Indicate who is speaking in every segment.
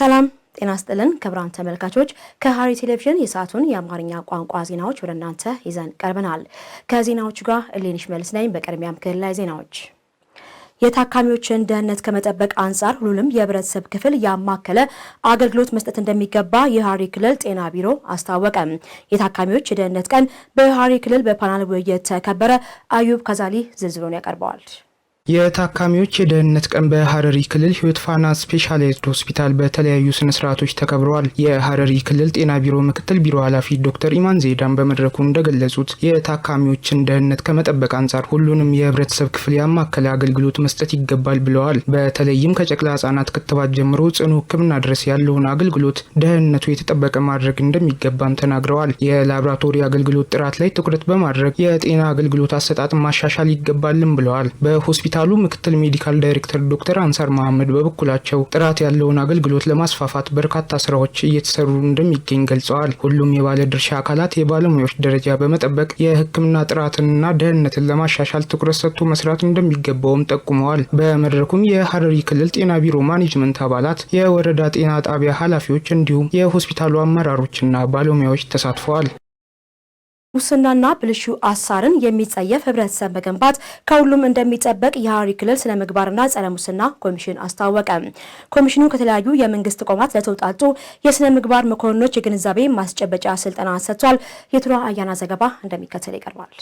Speaker 1: ሰላም ጤና ስጥልን ክብራን ተመልካቾች፣ ከሐረሪ ቴሌቪዥን የሰዓቱን የአማርኛ ቋንቋ ዜናዎች ወደ እናንተ ይዘን ቀርበናል። ከዜናዎቹ ጋር እሌንሽ መልስ ነኝ። በቅድሚያም ክልላዊ ዜናዎች የታካሚዎችን ደህንነት ከመጠበቅ አንጻር ሁሉንም የህብረተሰብ ክፍል ያማከለ አገልግሎት መስጠት እንደሚገባ የሐረሪ ክልል ጤና ቢሮ አስታወቀ። የታካሚዎች የደህንነት ቀን በሐረሪ ክልል በፓናል ውይይት ተከበረ። አዩብ ከዛሊ ዝርዝሩን ያቀርበዋል።
Speaker 2: የታካሚዎች የደህንነት ቀን በሐረሪ ክልል ህይወት ፋና ስፔሻላይዝድ ሆስፒታል በተለያዩ ስነ ስርዓቶች ተከብረዋል። የሐረሪ ክልል ጤና ቢሮ ምክትል ቢሮ ኃላፊ ዶክተር ኢማን ዜዳን በመድረኩ እንደገለጹት የታካሚዎችን ደህንነት ከመጠበቅ አንጻር ሁሉንም የህብረተሰብ ክፍል ያማከለ አገልግሎት መስጠት ይገባል ብለዋል። በተለይም ከጨቅላ ህጻናት ክትባት ጀምሮ ጽኑ ህክምና ድረስ ያለውን አገልግሎት ደህንነቱ የተጠበቀ ማድረግ እንደሚገባም ተናግረዋል። የላብራቶሪ አገልግሎት ጥራት ላይ ትኩረት በማድረግ የጤና አገልግሎት አሰጣጥ ማሻሻል ይገባልም ብለዋል። በሆስፒታል የሆስፒታሉ ምክትል ሜዲካል ዳይሬክተር ዶክተር አንሳር መሐመድ በበኩላቸው ጥራት ያለውን አገልግሎት ለማስፋፋት በርካታ ስራዎች እየተሰሩ እንደሚገኝ ገልጸዋል። ሁሉም የባለ ድርሻ አካላት የባለሙያዎች ደረጃ በመጠበቅ የህክምና ጥራትንና ደህንነትን ለማሻሻል ትኩረት ሰጥቶ መስራት እንደሚገባውም ጠቁመዋል። በመድረኩም የሀረሪ ክልል ጤና ቢሮ ማኔጅመንት አባላት፣ የወረዳ ጤና ጣቢያ ኃላፊዎች እንዲሁም የሆስፒታሉ አመራሮችና ባለሙያዎች ተሳትፈዋል።
Speaker 1: ሙስናና ብልሹ አሳርን የሚጸየፍ ህብረተሰብ መገንባት ከሁሉም እንደሚጠበቅ የሐረሪ ክልል ስነ ምግባርና ጸረ ሙስና ኮሚሽን አስታወቀ። ኮሚሽኑ ከተለያዩ የመንግስት ተቋማት ለተውጣጡ የስነ ምግባር መኮንኖች የግንዛቤ ማስጨበጫ ስልጠና ሰጥቷል። የቱራ አያና ዘገባ እንደሚከተል ይቀርባል።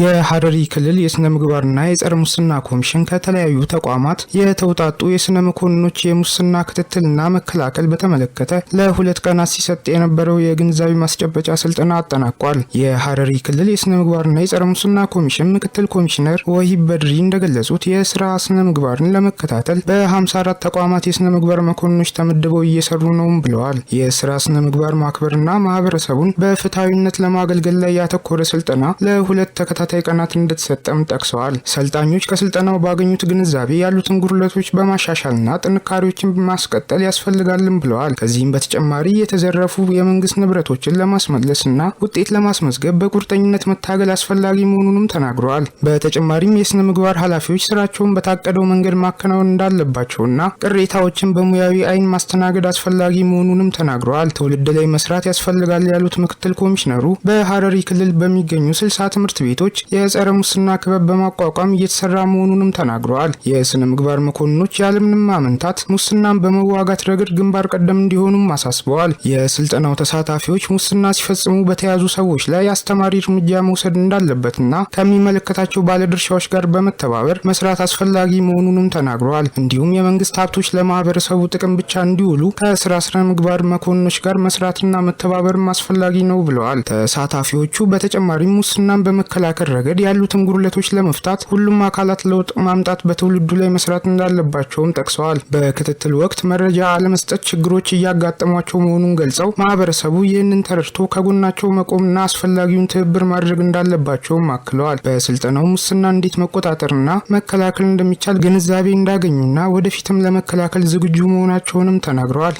Speaker 2: የሐረሪ ክልል የስነ ምግባርና የጸረ ሙስና ኮሚሽን ከተለያዩ ተቋማት የተውጣጡ የስነ መኮንኖች የሙስና ክትትልና መከላከል በተመለከተ ለሁለት ቀናት ሲሰጥ የነበረው የግንዛቤ ማስጨበጫ ስልጠና አጠናቋል። የሐረሪ ክልል የስነ ምግባርና የጸረ ሙስና ኮሚሽን ምክትል ኮሚሽነር ወሂብ በድሪ እንደገለጹት የስራ ስነ ምግባርን ለመከታተል በ54 ተቋማት የስነ ምግባር መኮንኖች ተመድበው እየሰሩ ነውም ብለዋል። የስራ ስነ ምግባር ማክበርና ማህበረሰቡን በፍትሐዊነት ለማገልገል ላይ ያተኮረ ስልጠና ለሁለት ተከ ተከታታይ ቀናት እንደተሰጠም ጠቅሰዋል። ሰልጣኞች ከስልጠናው ባገኙት ግንዛቤ ያሉትን ጉድለቶች በማሻሻልና ጥንካሬዎችን በማስቀጠል ያስፈልጋልን ብለዋል። ከዚህም በተጨማሪ የተዘረፉ የመንግስት ንብረቶችን ለማስመለስና ውጤት ለማስመዝገብ በቁርጠኝነት መታገል አስፈላጊ መሆኑንም ተናግረዋል። በተጨማሪም የስነ ምግባር ኃላፊዎች ስራቸውን በታቀደው መንገድ ማከናወን እንዳለባቸውና ቅሬታዎችን በሙያዊ አይን ማስተናገድ አስፈላጊ መሆኑንም ተናግረዋል። ትውልድ ላይ መስራት ያስፈልጋል ያሉት ምክትል ኮሚሽነሩ በሀረሪ ክልል በሚገኙ ስልሳ ትምህርት ቤቶች ድርጅቶች የጸረ ሙስና ክበብ በማቋቋም እየተሰራ መሆኑንም ተናግረዋል። የስነ ምግባር መኮንኖች ያለምንም አመንታት ሙስናን በመዋጋት ረገድ ግንባር ቀደም እንዲሆኑም አሳስበዋል። የስልጠናው ተሳታፊዎች ሙስና ሲፈጽሙ በተያዙ ሰዎች ላይ አስተማሪ እርምጃ መውሰድ እንዳለበትና ከሚመለከታቸው ባለድርሻዎች ጋር በመተባበር መስራት አስፈላጊ መሆኑንም ተናግረዋል። እንዲሁም የመንግስት ሀብቶች ለማህበረሰቡ ጥቅም ብቻ እንዲውሉ ከስራ ስነ ምግባር መኮንኖች ጋር መስራትና መተባበርም አስፈላጊ ነው ብለዋል። ተሳታፊዎቹ በተጨማሪም ሙስናን በመከላከል በመከላከል ረገድ ያሉትን ጉድለቶች ለመፍታት ሁሉም አካላት ለውጥ ማምጣት በትውልዱ ላይ መስራት እንዳለባቸውም ጠቅሰዋል። በክትትል ወቅት መረጃ አለመስጠት ችግሮች እያጋጠሟቸው መሆኑን ገልጸው ማህበረሰቡ ይህንን ተረድቶ ከጎናቸው መቆምና አስፈላጊውን ትብብር ማድረግ እንዳለባቸውም አክለዋል። በስልጠናው ሙስና እንዴት መቆጣጠርና መከላከል እንደሚቻል ግንዛቤ እንዳገኙና ወደፊትም ለመከላከል ዝግጁ መሆናቸውንም ተናግረዋል።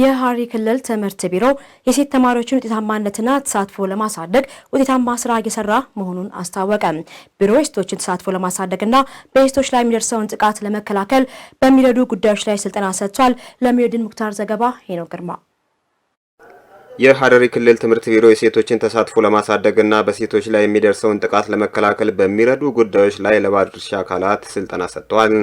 Speaker 1: የሐረሪ ክልል ትምህርት ቢሮ የሴት ተማሪዎችን ውጤታማነትና ተሳትፎ ለማሳደግ ውጤታማ ስራ እየሰራ መሆኑን አስታወቀ። ቢሮ የሴቶችን ተሳትፎ ለማሳደግና በሴቶች ላይ የሚደርሰውን ጥቃት ለመከላከል በሚረዱ ጉዳዮች ላይ ስልጠና ሰጥቷል። ለሚረድን ሙክታር ዘገባ ሄኖ ግርማ
Speaker 3: የሀረሪ ክልል ትምህርት ቢሮ የሴቶችን ተሳትፎ ለማሳደግና በሴቶች ላይ የሚደርሰውን ጥቃት ለመከላከል በሚረዱ ጉዳዮች ላይ ለባለድርሻ አካላት ስልጠና ሰጥተዋል።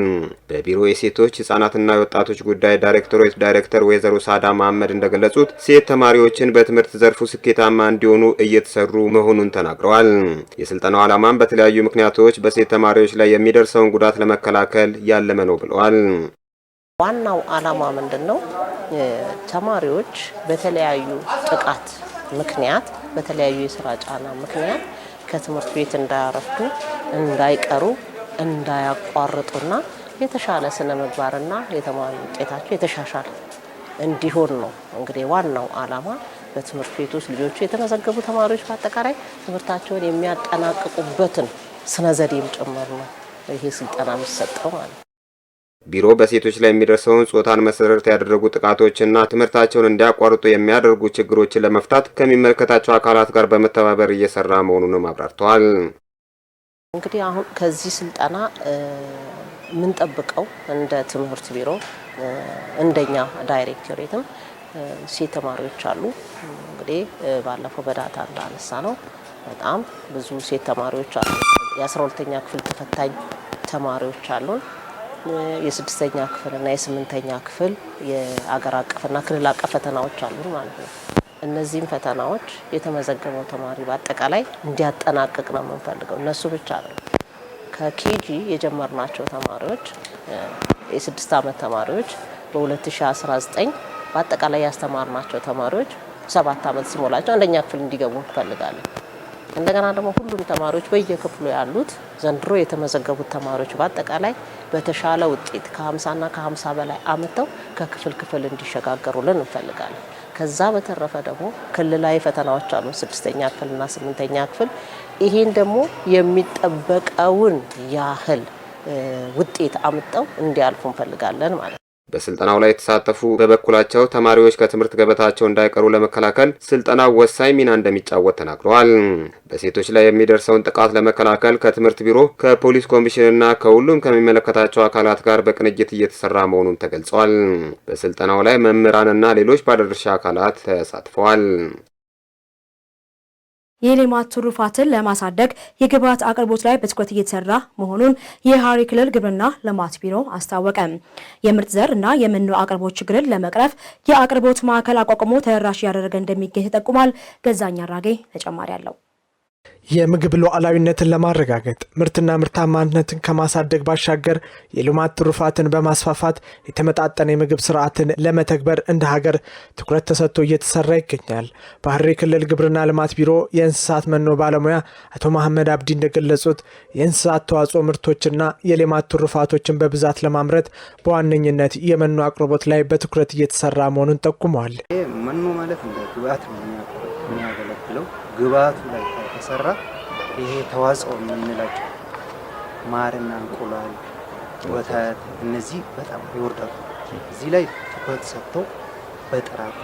Speaker 3: በቢሮ የሴቶች ህጻናትና የወጣቶች ጉዳይ ዳይሬክቶሬት ዳይሬክተር ወይዘሮ ሳዳ መሐመድ እንደገለጹት ሴት ተማሪዎችን በትምህርት ዘርፉ ስኬታማ እንዲሆኑ እየተሰሩ መሆኑን ተናግረዋል። የስልጠናው ዓላማም በተለያዩ ምክንያቶች በሴት ተማሪዎች ላይ የሚደርሰውን ጉዳት ለመከላከል ያለመ ነው ብለዋል።
Speaker 4: ዋናው ዓላማ ምንድን ነው? ተማሪዎች በተለያዩ ጥቃት ምክንያት በተለያዩ የስራ ጫና ምክንያት ከትምህርት ቤት እንዳያረፍዱ፣ እንዳይቀሩ፣ እንዳያቋርጡና የተሻለ ስነ ምግባርና የተማሪ ውጤታቸው የተሻሻለ እንዲሆን ነው። እንግዲህ ዋናው ዓላማ በትምህርት ቤት ውስጥ ልጆቹ የተመዘገቡ ተማሪዎች በአጠቃላይ ትምህርታቸውን የሚያጠናቅቁበትን ስነ ዘዴም ጭምር ነው ይሄ ስልጠና የሚሰጠው ማለት ነው።
Speaker 3: ቢሮ በሴቶች ላይ የሚደርሰውን ጾታን መሰረት ያደረጉ ጥቃቶችና ትምህርታቸውን እንዲያቋርጡ የሚያደርጉ ችግሮችን ለመፍታት ከሚመለከታቸው አካላት ጋር በመተባበር እየሰራ መሆኑንም አብራርተዋል።
Speaker 4: እንግዲህ አሁን ከዚህ ስልጠና የምንጠብቀው እንደ ትምህርት ቢሮ እንደኛ ዳይሬክቶሬትም ሴት ተማሪዎች አሉ። እንግዲህ ባለፈው በዳታ እንዳነሳ ነው በጣም ብዙ ሴት ተማሪዎች አሉ። የአስራ ሁለተኛ ክፍል ተፈታኝ ተማሪዎች አሉን። የስድስተኛ እና የስምንተኛ ክፍል የአገር አቀፍና ክልል አቀፍ ፈተናዎች አሉ ማለት ነው። እነዚህም ፈተናዎች የተመዘገበው ተማሪ በአጠቃላይ እንዲያጠናቅቅ ነው የምንፈልገው። እነሱ ብቻ ነው ከኬጂ የጀመርናቸው ተማሪዎች የስድስት ዓመት ተማሪዎች በ2019 በአጠቃላይ ያስተማርናቸው ተማሪዎች ሰባት ዓመት ሲሞላቸው አንደኛ ክፍል እንዲገቡ እንፈልጋለን። እንደገና ደግሞ ሁሉም ተማሪዎች በየክፍሉ ያሉት ዘንድሮ የተመዘገቡት ተማሪዎች በአጠቃላይ በተሻለ ውጤት ከ50ና ከ50 በላይ አምጥተው ከክፍል ክፍል እንዲሸጋገሩልን እንፈልጋለን። ከዛ በተረፈ ደግሞ ክልላዊ ፈተናዎች አሉ፣ ስድስተኛ ክፍልና ስምንተኛ ክፍል። ይሄን ደግሞ የሚጠበቀውን ያህል ውጤት አምጠው እንዲያልፉ እንፈልጋለን ማለት ነው።
Speaker 3: በስልጠናው ላይ የተሳተፉ በበኩላቸው ተማሪዎች ከትምህርት ገበታቸው እንዳይቀሩ ለመከላከል ስልጠናው ወሳኝ ሚና እንደሚጫወት ተናግረዋል። በሴቶች ላይ የሚደርሰውን ጥቃት ለመከላከል ከትምህርት ቢሮ፣ ከፖሊስ ኮሚሽንና ከሁሉም ከሚመለከታቸው አካላት ጋር በቅንጅት እየተሰራ መሆኑን ተገልጿል። በስልጠናው ላይ መምህራንና ሌሎች ባለድርሻ አካላት ተሳትፈዋል።
Speaker 1: የሌማት ትሩፋትን ለማሳደግ የግብዓት አቅርቦት ላይ በትኩረት እየተሰራ መሆኑን የሐረሪ ክልል ግብርና ልማት ቢሮ አስታወቀ። የምርጥ ዘር እና የመኖ አቅርቦት ችግርን ለመቅረፍ የአቅርቦት ማዕከል አቋቁሞ ተደራሽ እያደረገ እንደሚገኝ ተጠቁሟል። ገዛኝ አራጌ ተጨማሪ አለው።
Speaker 5: የምግብ ሉዓላዊነትን ለማረጋገጥ ምርትና ምርታማነትን ከማሳደግ ባሻገር የልማት ትሩፋትን በማስፋፋት የተመጣጠነ የምግብ ስርዓትን ለመተግበር እንደ ሀገር ትኩረት ተሰጥቶ እየተሰራ ይገኛል። ሐረሪ ክልል ግብርና ልማት ቢሮ የእንስሳት መኖ ባለሙያ አቶ መሐመድ አብዲ እንደገለጹት የእንስሳት ተዋጽኦ ምርቶችና የልማት ትሩፋቶችን በብዛት ለማምረት በዋነኝነት የመኖ አቅርቦት ላይ በትኩረት እየተሰራ መሆኑን ጠቁመዋል።
Speaker 6: መኖ ማለት የሚያገለግለው ላይ ሰራ ይሄ ተዋጽኦ የምንላቸው ማርና እንቁላል፣ ወተት እነዚህ በጣም ይወርዳሉ። እዚህ ላይ ትኩረት ሰጥቶ በጥራት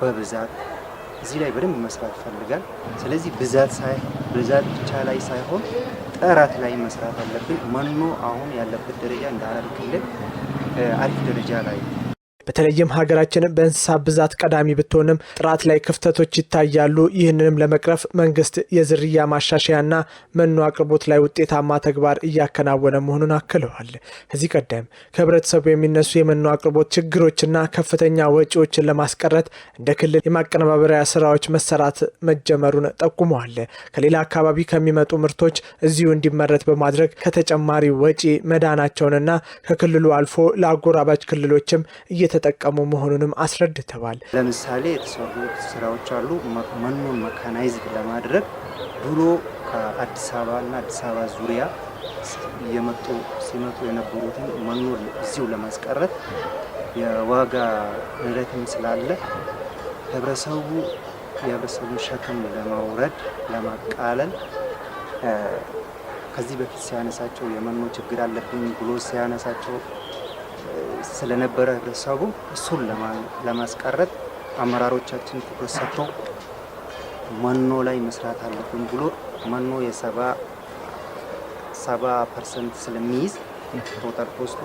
Speaker 6: በብዛት እዚህ ላይ በደንብ መስራት ይፈልጋል። ስለዚህ ብዛት ሳይ ብዛት ብቻ ላይ ሳይሆን ጥራት ላይ መስራት አለብን። መኖ አሁን ያለበት ደረጃ እንደ ሐረሪ ክልል አሪፍ ደረጃ ላይ
Speaker 5: በተለይም ሀገራችን በእንስሳት ብዛት ቀዳሚ ብትሆንም ጥራት ላይ ክፍተቶች ይታያሉ። ይህንንም ለመቅረፍ መንግስት የዝርያ ማሻሻያና መኖ አቅርቦት ላይ ውጤታማ ተግባር እያከናወነ መሆኑን አክለዋል። ከዚህ ቀደም ከህብረተሰቡ የሚነሱ የመኖ አቅርቦት ችግሮችና ከፍተኛ ወጪዎችን ለማስቀረት እንደ ክልል የማቀነባበሪያ ስራዎች መሰራት መጀመሩን ጠቁመዋል። ከሌላ አካባቢ ከሚመጡ ምርቶች እዚሁ እንዲመረት በማድረግ ከተጨማሪ ወጪ መዳናቸውንና ከክልሉ አልፎ ለአጎራባች ክልሎችም እየ እየተጠቀሙ መሆኑንም አስረድተዋል።
Speaker 6: ለምሳሌ የተሰሩ ስራዎች አሉ። መኖን መካናይዝድ ለማድረግ ድሮ ከአዲስ አበባ እና አዲስ አበባ ዙሪያ የመጡ ሲመጡ የነበሩትን መኖ እዚሁ ለማስቀረት የዋጋ ንረትም ስላለ ህብረተሰቡ የህብረተሰቡን ሸክም ለማውረድ ለማቃለል ከዚህ በፊት ሲያነሳቸው የመኖ ችግር አለብኝ ብሎ ሲያነሳቸው ስለነበረ ህብረተሰቡ እሱን ለማስቀረት አመራሮቻችን ትኩረት ሰጥቶ መኖ ላይ መስራት አለብን ብሎ መኖ የሰባ ሰባ ፐርሰንት ስለሚይዝ ቶታል ኮስቱ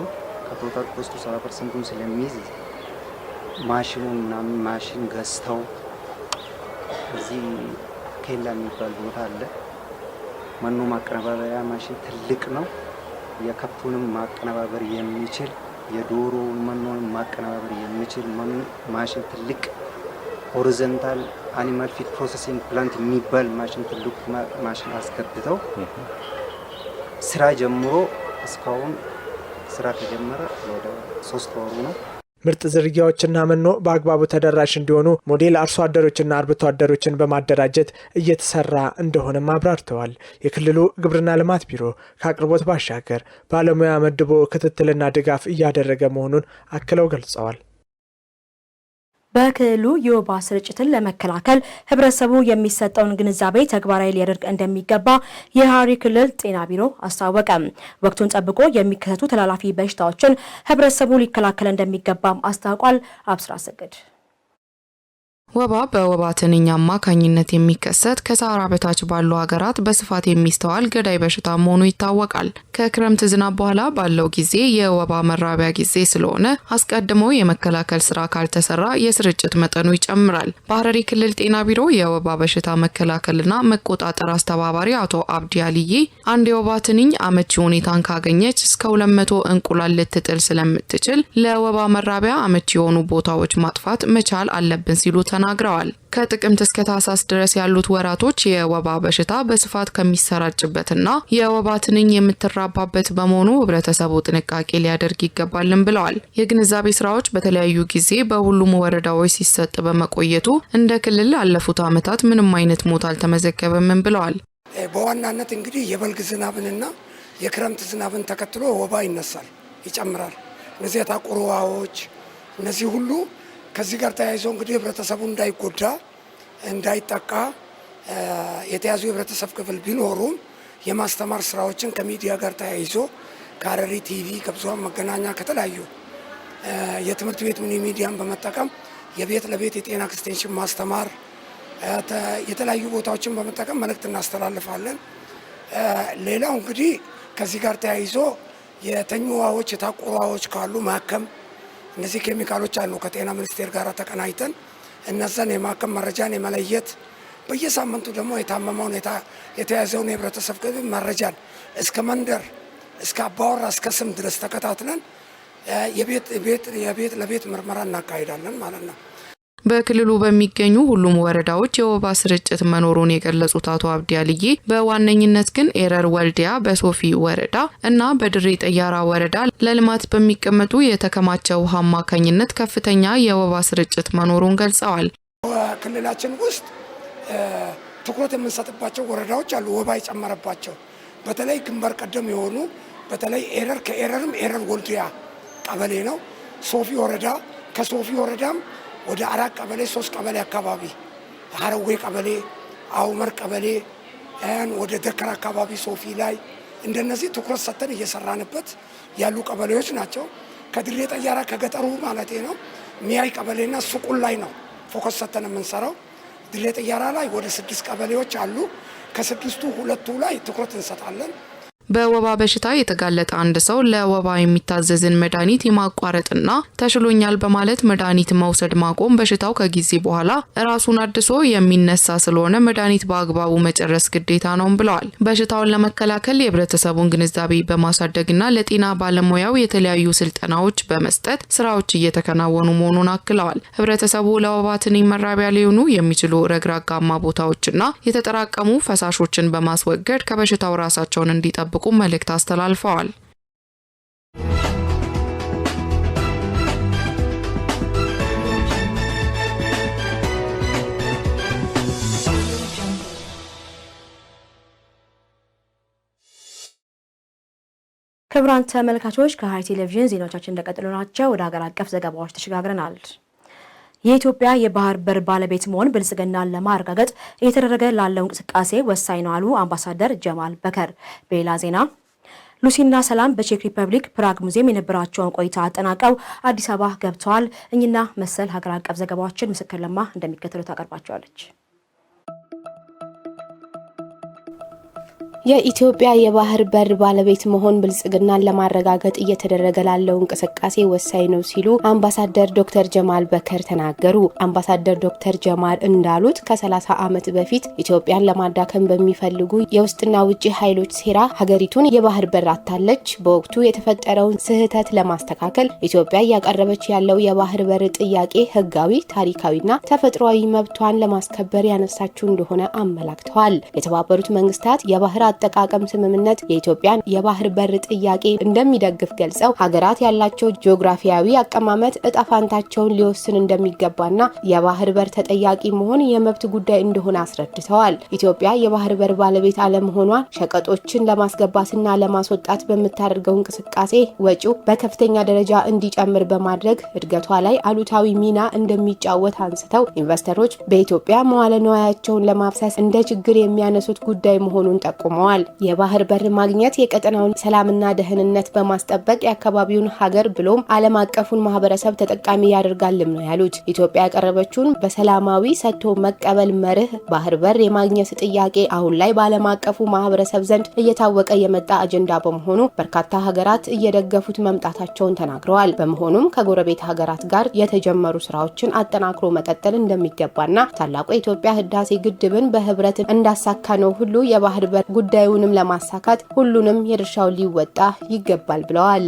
Speaker 6: ከቶታል ኮስቱ ሰባ ፐርሰንቱን ስለሚይዝ ማሽኑን ምናምን ማሽን ገዝተው እዚህ ኬላ የሚባል ቦታ አለ። መኖ ማቀነባበሪያ ማሽን ትልቅ ነው። የከብቱንም ማቀነባበር የሚችል የዶሮ መኖን ማቀነባበር የሚችል ማሽን ትልቅ ሆሪዘንታል አኒማል ፊድ ፕሮሰሲንግ ፕላንት የሚባል ማሽን ትልቅ ማሽን አስከትተው ስራ ጀምሮ እስካሁን ስራ ከጀመረ ወደ ሶስት ወሩ ነው።
Speaker 5: ምርጥ ዝርያዎችና መኖ በአግባቡ ተደራሽ እንዲሆኑ ሞዴል አርሶ አደሮችና አርብቶ አደሮችን በማደራጀት እየተሰራ እንደሆነም አብራርተዋል። የክልሉ ግብርና ልማት ቢሮ ከአቅርቦት ባሻገር ባለሙያ መድቦ ክትትልና ድጋፍ እያደረገ መሆኑን አክለው ገልጸዋል።
Speaker 1: በክልሉ የወባ ስርጭትን ለመከላከል ህብረተሰቡ የሚሰጠውን ግንዛቤ ተግባራዊ ሊያደርግ እንደሚገባ የሐረሪ ክልል ጤና ቢሮ አስታወቀ። ወቅቱን ጠብቆ የሚከሰቱ ተላላፊ በሽታዎችን ህብረተሰቡ ሊከላከል እንደሚገባም አስታውቋል። አብስራ ሰገድ
Speaker 7: ወባ በወባ ትንኝ አማካኝነት የሚከሰት ከሳራ በታች ባሉ ሀገራት በስፋት የሚስተዋል ገዳይ በሽታ መሆኑ ይታወቃል። ከክረምት ዝናብ በኋላ ባለው ጊዜ የወባ መራቢያ ጊዜ ስለሆነ አስቀድሞ የመከላከል ስራ ካልተሰራ የስርጭት መጠኑ ይጨምራል። በሐረሪ ክልል ጤና ቢሮ የወባ በሽታ መከላከልና መቆጣጠር አስተባባሪ አቶ አብዲ አልዬ አንድ የወባ ትንኝ አመቺ ሁኔታን ካገኘች እስከ 200 እንቁላል ልትጥል ስለምትችል ለወባ መራቢያ አመቺ የሆኑ ቦታዎች ማጥፋት መቻል አለብን ሲሉ ተናግረዋል። ከጥቅምት እስከ ታህሳስ ድረስ ያሉት ወራቶች የወባ በሽታ በስፋት ከሚሰራጭበትና የወባ ትንኝ የምትራባበት በመሆኑ ህብረተሰቡ ጥንቃቄ ሊያደርግ ይገባልን ብለዋል። የግንዛቤ ስራዎች በተለያዩ ጊዜ በሁሉም ወረዳዎች ሲሰጥ በመቆየቱ እንደ ክልል ላለፉት ዓመታት ምንም አይነት ሞት አልተመዘገበምን ብለዋል።
Speaker 8: በዋናነት እንግዲህ የበልግ ዝናብንና የክረምት ዝናብን ተከትሎ ወባ ይነሳል፣ ይጨምራል። እነዚህ የታቆሩ ውሃዎች እነዚህ ሁሉ ከዚህ ጋር ተያይዞ እንግዲህ ህብረተሰቡ እንዳይጎዳ እንዳይጠቃ የተያዙ የህብረተሰብ ክፍል ቢኖሩም የማስተማር ስራዎችን ከሚዲያ ጋር ተያይዞ ከሀረሪ ቲቪ ከብዙሃን መገናኛ ከተለያዩ የትምህርት ቤት ሚኒ ሚዲያን በመጠቀም የቤት ለቤት የጤና ኤክስቴንሽን ማስተማር የተለያዩ ቦታዎችን በመጠቀም መልእክት እናስተላልፋለን። ሌላው እንግዲህ ከዚህ ጋር ተያይዞ የተኙዋዎች የታቆራዎች ካሉ ማከም እነዚህ ኬሚካሎች አሉ። ከጤና ሚኒስቴር ጋር ተቀናጅተን እነዛን የማከም መረጃን የመለየት በየሳምንቱ ደግሞ የታመመውን የተያዘውን የህብረተሰብ ክፍል መረጃን እስከ መንደር እስከ አባወራ እስከ ስም ድረስ ተከታትለን የቤት ለቤት ምርመራ እናካሂዳለን ማለት ነው።
Speaker 7: በክልሉ በሚገኙ ሁሉም ወረዳዎች የወባ ስርጭት መኖሩን የገለጹት አቶ አብዲ አልዬ በዋነኝነት ግን ኤረር ወልዲያ በሶፊ ወረዳ እና በድሬ ጠያራ ወረዳ ለልማት በሚቀመጡ የተከማቸ ውሃ አማካኝነት ከፍተኛ የወባ ስርጭት መኖሩን ገልጸዋል።
Speaker 8: ክልላችን ውስጥ ትኩረት የምንሰጥባቸው ወረዳዎች አሉ፣ ወባ የጨመረባቸው በተለይ ግንባር ቀደም የሆኑ በተለይ ኤረር ከኤረርም ኤረር ወልዲያ ቀበሌ ነው። ሶፊ ወረዳ ከሶፊ ወረዳም ወደ አራት ቀበሌ ሶስት ቀበሌ አካባቢ ሀረዌ ቀበሌ፣ አውመር ቀበሌ ወደ ደከር አካባቢ ሶፊ ላይ እንደነዚህ ትኩረት ሰጥተን እየሰራንበት ያሉ ቀበሌዎች ናቸው። ከድሬ ጠያራ ከገጠሩ ማለት ነው ሚያይ ቀበሌና ሱቁን ላይ ነው ፎከስ ሰጥተን የምንሰራው። ድሬ ጠያራ ላይ ወደ ስድስት ቀበሌዎች አሉ። ከስድስቱ ሁለቱ ላይ ትኩረት እንሰጣለን።
Speaker 7: በወባ በሽታ የተጋለጠ አንድ ሰው ለወባ የሚታዘዝን መድኃኒት የማቋረጥና ተሽሎኛል በማለት መድኃኒት መውሰድ ማቆም በሽታው ከጊዜ በኋላ ራሱን አድሶ የሚነሳ ስለሆነ መድኃኒት በአግባቡ መጨረስ ግዴታ ነው ብለዋል። በሽታውን ለመከላከል የህብረተሰቡን ግንዛቤ በማሳደግና ለጤና ባለሙያው የተለያዩ ስልጠናዎች በመስጠት ስራዎች እየተከናወኑ መሆኑን አክለዋል። ህብረተሰቡ ለወባ ትንኝ መራቢያ ሊሆኑ የሚችሉ ረግራጋማ ቦታዎችና የተጠራቀሙ ፈሳሾችን በማስወገድ ከበሽታው ራሳቸውን እንዲጠብቁ እንዲጠብቁም መልእክት አስተላልፈዋል።
Speaker 1: ክቡራን ተመልካቾች ከሐረሪ ቴሌቪዥን ዜናዎቻችን እንደቀጠሉ ናቸው። ወደ ሀገር አቀፍ ዘገባዎች ተሸጋግረናል። የኢትዮጵያ የባህር በር ባለቤት መሆን ብልጽግናን ለማረጋገጥ እየተደረገ ላለው እንቅስቃሴ ወሳኝ ነው አሉ አምባሳደር ጀማል በከር። በሌላ ዜና ሉሲና ሰላም በቼክ ሪፐብሊክ ፕራግ ሙዚየም የነበራቸውን ቆይታ አጠናቀው አዲስ አበባ ገብተዋል። እኚህና መሰል ሀገር አቀፍ ዘገባዎችን ምስክር ለማ እንደሚከተሉ ታቀርባቸዋለች። የኢትዮጵያ የባህር በር ባለቤት መሆን ብልጽግናን ለማረጋገጥ እየተደረገ ላለው እንቅስቃሴ ወሳኝ ነው ሲሉ አምባሳደር ዶክተር ጀማል በከር ተናገሩ። አምባሳደር ዶክተር ጀማል እንዳሉት ከ30 ዓመት በፊት ኢትዮጵያን ለማዳከም በሚፈልጉ የውስጥና ውጭ ኃይሎች ሴራ ሀገሪቱን የባህር በር አታለች። በወቅቱ የተፈጠረውን ስህተት ለማስተካከል ኢትዮጵያ እያቀረበች ያለው የባህር በር ጥያቄ ህጋዊ፣ ታሪካዊና ተፈጥሯዊ መብቷን ለማስከበር ያነሳችው እንደሆነ አመላክተዋል። የተባበሩት መንግስታት የባህር አጠቃቀም ስምምነት የኢትዮጵያን የባህር በር ጥያቄ እንደሚደግፍ ገልጸው ሀገራት ያላቸው ጂኦግራፊያዊ አቀማመጥ እጣፋንታቸውን ሊወስን እንደሚገባና የባህር በር ተጠያቂ መሆን የመብት ጉዳይ እንደሆነ አስረድተዋል። ኢትዮጵያ የባህር በር ባለቤት አለመሆኗ ሸቀጦችን ለማስገባትና ለማስወጣት በምታደርገው እንቅስቃሴ ወጪው በከፍተኛ ደረጃ እንዲጨምር በማድረግ እድገቷ ላይ አሉታዊ ሚና እንደሚጫወት አንስተው ኢንቨስተሮች በኢትዮጵያ መዋለ ንዋያቸውን ለማፍሰስ እንደ ችግር የሚያነሱት ጉዳይ መሆኑን ጠቁሟል። ጠቁመዋል። የባህር በር ማግኘት የቀጠናውን ሰላምና ደህንነት በማስጠበቅ የአካባቢውን ሀገር ብሎም ዓለም አቀፉን ማህበረሰብ ተጠቃሚ ያደርጋልም ነው ያሉት። ኢትዮጵያ ያቀረበችውን በሰላማዊ ሰጥቶ መቀበል መርህ ባህር በር የማግኘት ጥያቄ አሁን ላይ በዓለም አቀፉ ማህበረሰብ ዘንድ እየታወቀ የመጣ አጀንዳ በመሆኑ በርካታ ሀገራት እየደገፉት መምጣታቸውን ተናግረዋል። በመሆኑም ከጎረቤት ሀገራት ጋር የተጀመሩ ስራዎችን አጠናክሮ መቀጠል እንደሚገባና ታላቁ የኢትዮጵያ ህዳሴ ግድብን በህብረት እንዳሳካ ነው ሁሉ የባህር በር ጉዳዩንም ለማሳካት ሁሉንም የድርሻውን ሊወጣ ይገባል ብለዋል።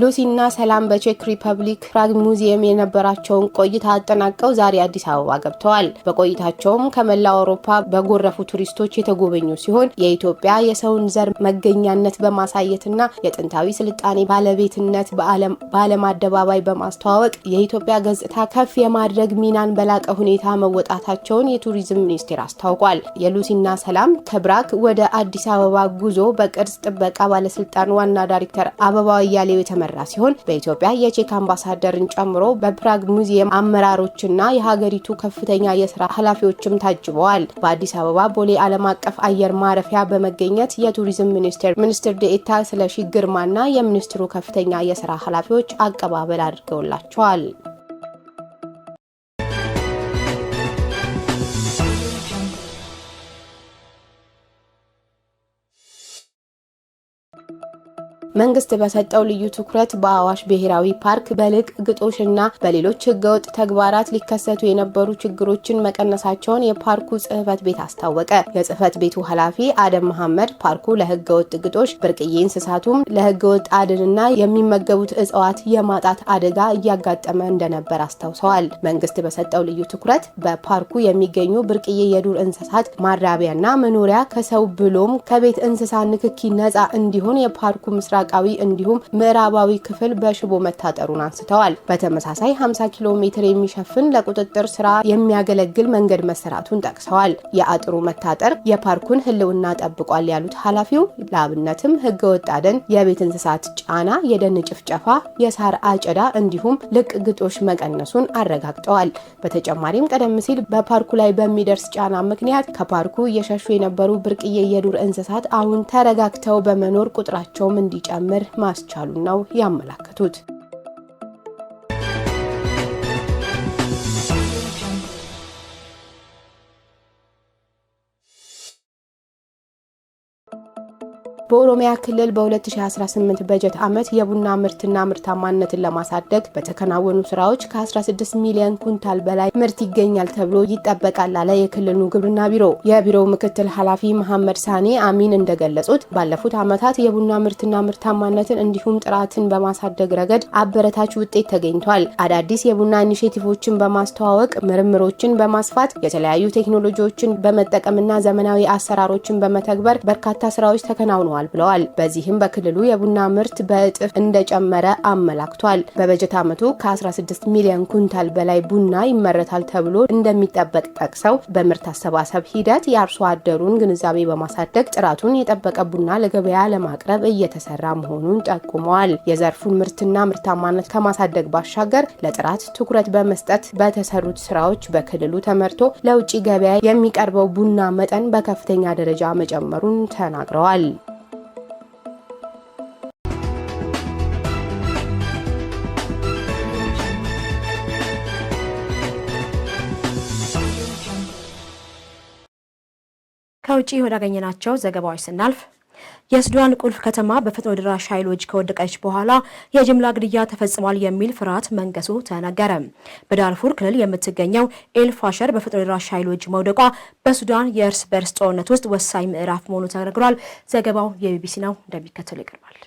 Speaker 1: ሉሲና ሰላም በቼክ ሪፐብሊክ ፕራግ ሙዚየም የነበራቸውን ቆይታ አጠናቀው ዛሬ አዲስ አበባ ገብተዋል። በቆይታቸውም ከመላው አውሮፓ በጎረፉ ቱሪስቶች የተጎበኙ ሲሆን የኢትዮጵያ የሰውን ዘር መገኛነት በማሳየትና የጥንታዊ ስልጣኔ ባለቤትነት በዓለም አደባባይ በማስተዋወቅ የኢትዮጵያ ገጽታ ከፍ የማድረግ ሚናን በላቀ ሁኔታ መወጣታቸውን የቱሪዝም ሚኒስቴር አስታውቋል። የሉሲና ሰላም ከብራክ ወደ አዲስ አበባ ጉዞ በቅርስ ጥበቃ ባለስልጣን ዋና ዳይሬክተር አበባ እያሌው የተመ የተመራ ሲሆን በኢትዮጵያ የቼክ አምባሳደርን ጨምሮ በፕራግ ሙዚየም አመራሮችና የሀገሪቱ ከፍተኛ የስራ ኃላፊዎችም ታጅበዋል። በአዲስ አበባ ቦሌ ዓለም አቀፍ አየር ማረፊያ በመገኘት የቱሪዝም ሚኒስቴር ሚኒስትር ዴኤታ ስለሺ ግርማና የሚኒስትሩ ከፍተኛ የስራ ኃላፊዎች አቀባበል አድርገውላቸዋል። መንግስት በሰጠው ልዩ ትኩረት በአዋሽ ብሔራዊ ፓርክ በልቅ ግጦሽና በሌሎች ህገወጥ ተግባራት ሊከሰቱ የነበሩ ችግሮችን መቀነሳቸውን የፓርኩ ጽህፈት ቤት አስታወቀ። የጽህፈት ቤቱ ኃላፊ አደም መሐመድ ፓርኩ ለህገወጥ ግጦሽ፣ ብርቅዬ እንስሳቱም ለህገወጥ አድንና የሚመገቡት እጽዋት የማጣት አደጋ እያጋጠመ እንደነበር አስታውሰዋል። መንግስት በሰጠው ልዩ ትኩረት በፓርኩ የሚገኙ ብርቅዬ የዱር እንስሳት ማራቢያና መኖሪያ ከሰው ብሎም ከቤት እንስሳ ንክኪ ነጻ እንዲሆን የፓርኩ ምስራቅ ምስራቃዊ እንዲሁም ምዕራባዊ ክፍል በሽቦ መታጠሩን አንስተዋል። በተመሳሳይ 50 ኪሎ ሜትር የሚሸፍን ለቁጥጥር ስራ የሚያገለግል መንገድ መሰራቱን ጠቅሰዋል። የአጥሩ መታጠር የፓርኩን ህልውና ጠብቋል ያሉት ኃላፊው ለአብነትም ህገወጥ አደን፣ የቤት እንስሳት ጫና፣ የደን ጭፍጨፋ፣ የሳር አጨዳ እንዲሁም ልቅ ግጦሽ መቀነሱን አረጋግጠዋል። በተጨማሪም ቀደም ሲል በፓርኩ ላይ በሚደርስ ጫና ምክንያት ከፓርኩ እየሸሹ የነበሩ ብርቅዬ የዱር እንስሳት አሁን ተረጋግተው በመኖር ቁጥራቸውም እንዲጨ እንዲጨምር ማስቻሉን ነው ያመላከቱት። በኦሮሚያ ክልል በ2018 በጀት ዓመት የቡና ምርትና ምርታማነትን ለማሳደግ በተከናወኑ ስራዎች ከ16 ሚሊዮን ኩንታል በላይ ምርት ይገኛል ተብሎ ይጠበቃል አለ የክልሉ ግብርና ቢሮ። የቢሮው ምክትል ኃላፊ መሐመድ ሳኔ አሚን እንደገለጹት ባለፉት ዓመታት የቡና ምርትና ምርታማነትን እንዲሁም ጥራትን በማሳደግ ረገድ አበረታች ውጤት ተገኝቷል። አዳዲስ የቡና ኢኒሽቲቮችን በማስተዋወቅ ምርምሮችን በማስፋት የተለያዩ ቴክኖሎጂዎችን በመጠቀምና ዘመናዊ አሰራሮችን በመተግበር በርካታ ስራዎች ተከናውነዋል ተጠቅመዋል ብለዋል። በዚህም በክልሉ የቡና ምርት በእጥፍ እንደጨመረ አመላክቷል። በበጀት ዓመቱ ከ16 ሚሊዮን ኩንታል በላይ ቡና ይመረታል ተብሎ እንደሚጠበቅ ጠቅሰው በምርት አሰባሰብ ሂደት የአርሶ አደሩን ግንዛቤ በማሳደግ ጥራቱን የጠበቀ ቡና ለገበያ ለማቅረብ እየተሰራ መሆኑን ጠቁመዋል። የዘርፉን ምርትና ምርታማነት ከማሳደግ ባሻገር ለጥራት ትኩረት በመስጠት በተሰሩት ስራዎች በክልሉ ተመርቶ ለውጭ ገበያ የሚቀርበው ቡና መጠን በከፍተኛ ደረጃ መጨመሩን ተናግረዋል። ከውጭ ወዳገኘናቸው ዘገባዎች ስናልፍ የሱዳን ቁልፍ ከተማ በፈጥኖ ደራሽ ኃይሎች ከወደቀች በኋላ የጅምላ ግድያ ተፈጽሟል የሚል ፍርሃት መንገሱ ተነገረ። በዳርፉር ክልል የምትገኘው ኤልፋሸር በፈጥኖ ደራሽ ኃይሎች መውደቋ በሱዳን የእርስ በርስ ጦርነት ውስጥ ወሳኝ ምዕራፍ መሆኑ ተነግሯል። ዘገባው የቢቢሲ ነው፣ እንደሚከተሉ ይቀርባል።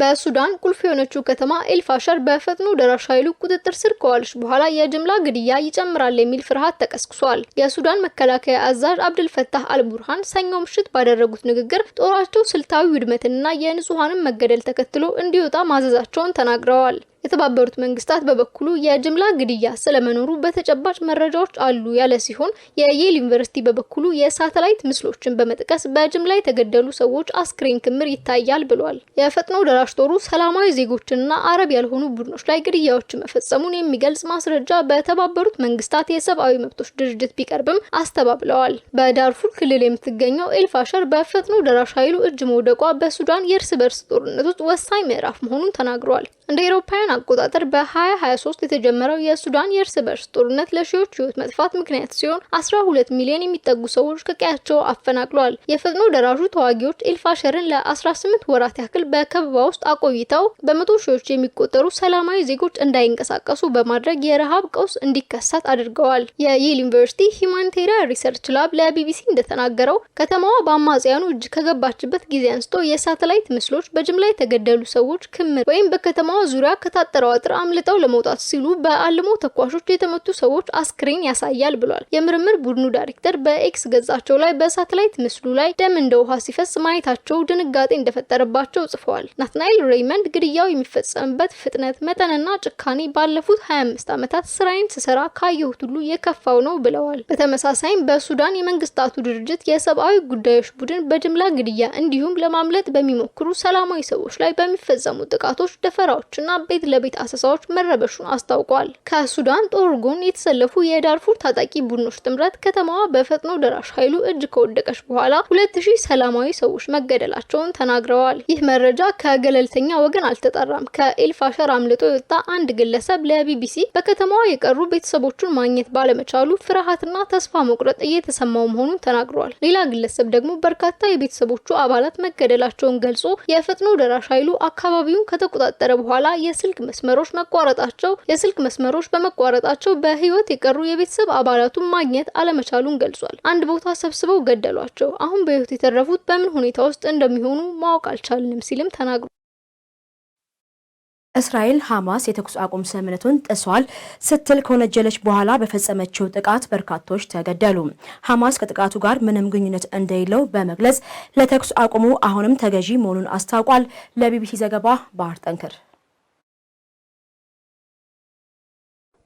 Speaker 1: በሱዳን ቁልፍ የሆነችው ከተማ ኤልፋሸር በፈጥኖ ደራሽ ኃይሉ ቁጥጥር ስር ከዋለች በኋላ የጅምላ ግድያ ይጨምራል የሚል ፍርሃት ተቀስቅሷል። የሱዳን መከላከያ አዛዥ አብድልፈታህ አልቡርሃን ሰኞ ምሽት ባደረጉት ንግግር ጦራቸው ስልታዊ ውድመትንና የንጹሐንን መገደል ተከትሎ እንዲወጣ ማዘዛቸውን ተናግረዋል። የተባበሩት መንግስታት በበኩሉ የጅምላ ግድያ ስለመኖሩ በተጨባጭ መረጃዎች አሉ ያለ ሲሆን የየል ዩኒቨርሲቲ በበኩሉ የሳተላይት ምስሎችን በመጥቀስ በጅምላ የተገደሉ ሰዎች አስክሬን ክምር ይታያል ብሏል። የፈጥኖ ደራሽ ጦሩ ሰላማዊ ዜጎችንና አረብ ያልሆኑ ቡድኖች ላይ ግድያዎችን መፈጸሙን የሚገልጽ ማስረጃ በተባበሩት መንግስታት የሰብአዊ መብቶች ድርጅት ቢቀርብም አስተባብለዋል። በዳርፉር ክልል የምትገኘው ኤልፋሸር በፈጥኖ ደራሽ ኃይሉ እጅ መውደቋ በሱዳን የእርስ በርስ ጦርነት ውስጥ ወሳኝ ምዕራፍ መሆኑን ተናግሯል። እንደ አውሮፓውያን አውሮፓውያን አቆጣጠር በ2023 የተጀመረው የሱዳን የእርስ በርስ ጦርነት ለሺዎች ህይወት መጥፋት ምክንያት ሲሆን 12 ሚሊዮን የሚጠጉ ሰዎች ከቀያቸው አፈናቅለዋል። የፈጥኖ ደራሹ ተዋጊዎች ኤልፋሸርን ለ18 ወራት ያክል በከበባ ውስጥ አቆይተው በመቶ ሺዎች የሚቆጠሩ ሰላማዊ ዜጎች እንዳይንቀሳቀሱ በማድረግ የረሃብ ቀውስ እንዲከሰት አድርገዋል። የየል ዩኒቨርሲቲ ሂማኒቴሪያን ሪሰርች ላብ ለቢቢሲ እንደተናገረው ከተማዋ በአማጽያኑ እጅ ከገባችበት ጊዜ አንስቶ የሳተላይት ምስሎች በጅምላ የተገደሉ ሰዎች ክምር ወይም በከተማዋ ዙሪያ ከታ በታጠረው አጥር አምልጠው ለመውጣት ሲሉ በአልሞ ተኳሾች የተመቱ ሰዎች አስክሬን ያሳያል ብሏል። የምርምር ቡድኑ ዳይሬክተር በኤክስ ገጻቸው ላይ በሳተላይት ምስሉ ላይ ደም እንደ ውሃ ሲፈስ ማየታቸው ድንጋጤ እንደፈጠረባቸው ጽፈዋል። ናትናኤል ሬይመንድ ግድያው የሚፈጸምበት ፍጥነት፣ መጠንና ጭካኔ ባለፉት 25 ዓመታት ስራዬን ስሰራ ካየሁት ሁሉ የከፋው ነው ብለዋል። በተመሳሳይም በሱዳን የመንግስታቱ ድርጅት የሰብአዊ ጉዳዮች ቡድን በጅምላ ግድያ እንዲሁም ለማምለጥ በሚሞክሩ ሰላማዊ ሰዎች ላይ በሚፈጸሙ ጥቃቶች፣ ደፈራዎችና ቤት ለቤት አሰሳዎች መረበሹን አስታውቋል። ከሱዳን ጦር ጎን የተሰለፉ የዳርፉር ታጣቂ ቡድኖች ጥምረት ከተማዋ በፈጥኖ ደራሽ ኃይሉ እጅ ከወደቀች በኋላ ሁለት ሺህ ሰላማዊ ሰዎች መገደላቸውን ተናግረዋል። ይህ መረጃ ከገለልተኛ ወገን አልተጠራም። ከኤልፋሸር አምልጦ የወጣ አንድ ግለሰብ ለቢቢሲ በከተማዋ የቀሩ ቤተሰቦቹን ማግኘት ባለመቻሉ ፍርሃትና ተስፋ መቁረጥ እየተሰማው መሆኑን ተናግሯል። ሌላ ግለሰብ ደግሞ በርካታ የቤተሰቦቹ አባላት መገደላቸውን ገልጾ የፈጥኖ ደራሽ ኃይሉ አካባቢውን ከተቆጣጠረ በኋላ የስልክ መስመሮች መቋረጣቸው የስልክ መስመሮች በመቋረጣቸው በህይወት የቀሩ የቤተሰብ አባላቱን ማግኘት አለመቻሉን ገልጿል። አንድ ቦታ ሰብስበው ገደሏቸው። አሁን በህይወት የተረፉት በምን ሁኔታ ውስጥ እንደሚሆኑ ማወቅ አልቻልንም ሲልም ተናግሯል። እስራኤል ሐማስ የተኩስ አቁም ስምምነቱን ጥሷል ስትል ከወነጀለች በኋላ በፈጸመችው ጥቃት በርካቶች ተገደሉ። ሐማስ ከጥቃቱ ጋር ምንም ግንኙነት እንደሌለው በመግለጽ ለተኩስ አቁሙ አሁንም ተገዢ መሆኑን አስታውቋል። ለቢቢሲ ዘገባ ባህር ጠንክር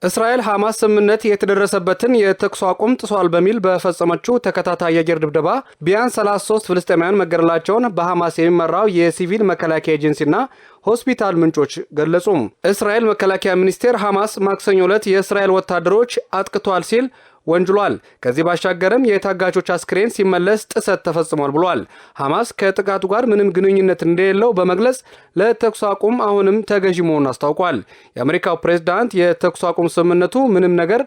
Speaker 9: እስራኤል ሐማስ ስምምነት የተደረሰበትን የተኩስ አቁም ጥሷል በሚል በፈጸመችው ተከታታይ የአየር ድብደባ ቢያንስ 33 ፍልስጤማውያን መገደላቸውን በሐማስ የሚመራው የሲቪል መከላከያ ኤጀንሲና ሆስፒታል ምንጮች ገለጹም። እስራኤል መከላከያ ሚኒስቴር ሐማስ ማክሰኞ ዕለት የእስራኤል ወታደሮች አጥቅቷል ሲል ወንጅሏል። ከዚህ ባሻገርም የታጋቾች አስክሬን ሲመለስ ጥሰት ተፈጽሟል ብሏል። ሐማስ ከጥቃቱ ጋር ምንም ግንኙነት እንደሌለው በመግለጽ ለተኩስ አቁም አሁንም ተገዢ መሆኑን አስታውቋል። የአሜሪካው ፕሬዝዳንት የተኩስ አቁም ስምምነቱ ምንም ነገር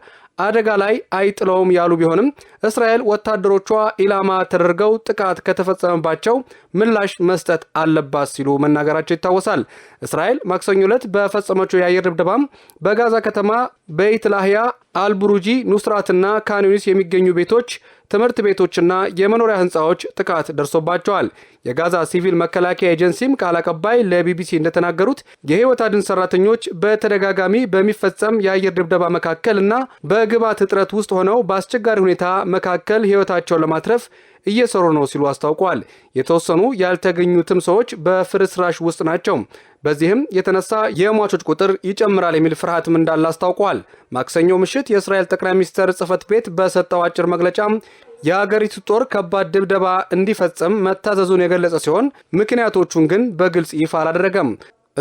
Speaker 9: አደጋ ላይ አይጥለውም ያሉ ቢሆንም እስራኤል ወታደሮቿ ኢላማ ተደርገው ጥቃት ከተፈጸመባቸው ምላሽ መስጠት አለባት ሲሉ መናገራቸው ይታወሳል። እስራኤል ማክሰኞ ዕለት በፈጸመችው የአየር ድብደባም በጋዛ ከተማ በይትላህያ፣ አልቡሩጂ፣ ኑስራትና ካንዩኒስ የሚገኙ ቤቶች ትምህርት ቤቶችና የመኖሪያ ህንፃዎች ጥቃት ደርሶባቸዋል። የጋዛ ሲቪል መከላከያ ኤጀንሲም ቃል አቀባይ ለቢቢሲ እንደተናገሩት የህይወት አድን ሰራተኞች በተደጋጋሚ በሚፈጸም የአየር ድብደባ መካከል እና በግብዓት እጥረት ውስጥ ሆነው በአስቸጋሪ ሁኔታ መካከል ህይወታቸውን ለማትረፍ እየሰሩ ነው ሲሉ አስታውቋል። የተወሰኑ ያልተገኙትም ሰዎች በፍርስራሽ ውስጥ ናቸው። በዚህም የተነሳ የሟቾች ቁጥር ይጨምራል የሚል ፍርሃትም እንዳለ አስታውቋል። ማክሰኞ ምሽት የእስራኤል ጠቅላይ ሚኒስትር ጽህፈት ቤት በሰጠው አጭር መግለጫ የአገሪቱ ጦር ከባድ ድብደባ እንዲፈጽም መታዘዙን የገለጸ ሲሆን ምክንያቶቹን ግን በግልጽ ይፋ አላደረገም።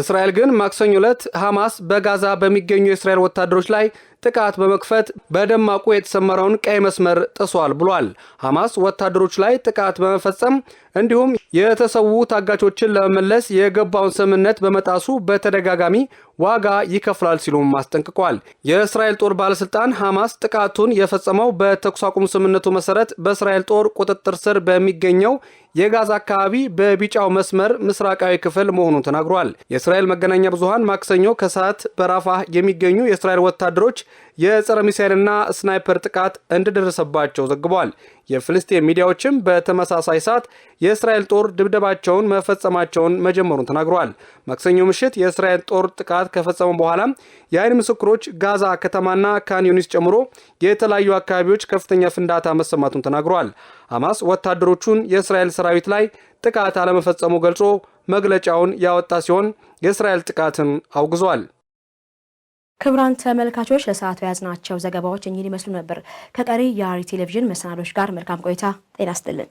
Speaker 9: እስራኤል ግን ማክሰኞ ዕለት ሐማስ በጋዛ በሚገኙ የእስራኤል ወታደሮች ላይ ጥቃት በመክፈት በደማቁ የተሰመረውን ቀይ መስመር ጥሷል ብሏል። ሐማስ ወታደሮች ላይ ጥቃት በመፈጸም እንዲሁም የተሰዉ ታጋቾችን ለመመለስ የገባውን ስምምነት በመጣሱ በተደጋጋሚ ዋጋ ይከፍላል ሲሉም አስጠንቅቋል። የእስራኤል ጦር ባለስልጣን ሐማስ ጥቃቱን የፈጸመው በተኩስ አቁም ስምምነቱ መሰረት በእስራኤል ጦር ቁጥጥር ስር በሚገኘው የጋዛ አካባቢ በቢጫው መስመር ምስራቃዊ ክፍል መሆኑን ተናግሯል። የእስራኤል መገናኛ ብዙሃን ማክሰኞ ከሰዓት በራፋህ የሚገኙ የእስራኤል ወታደሮች የጸረ ሚሳይልና ስናይፐር ጥቃት እንደደረሰባቸው ዘግቧል። የፍልስጤን ሚዲያዎችም በተመሳሳይ ሰዓት የእስራኤል ጦር ድብደባቸውን መፈጸማቸውን መጀመሩን ተናግሯል። ማክሰኞ ምሽት የእስራኤል ጦር ጥቃት ከፈጸሙ በኋላ የአይን ምስክሮች ጋዛ ከተማና ካን ዩኒስ ጨምሮ የተለያዩ አካባቢዎች ከፍተኛ ፍንዳታ መሰማቱን ተናግሯል። ሐማስ ወታደሮቹን የእስራኤል ሰራዊት ላይ ጥቃት አለመፈጸሙ ገልጾ መግለጫውን ያወጣ ሲሆን የእስራኤል ጥቃትን አውግዟል።
Speaker 1: ክቡራን ተመልካቾች ለሰዓቱ የያዝናቸው ዘገባዎች እኚህን ይመስሉ ነበር። ከቀሪ የሐረሪ ቴሌቪዥን መሰናዶች ጋር መልካም ቆይታ። ጤና ይስጥልን።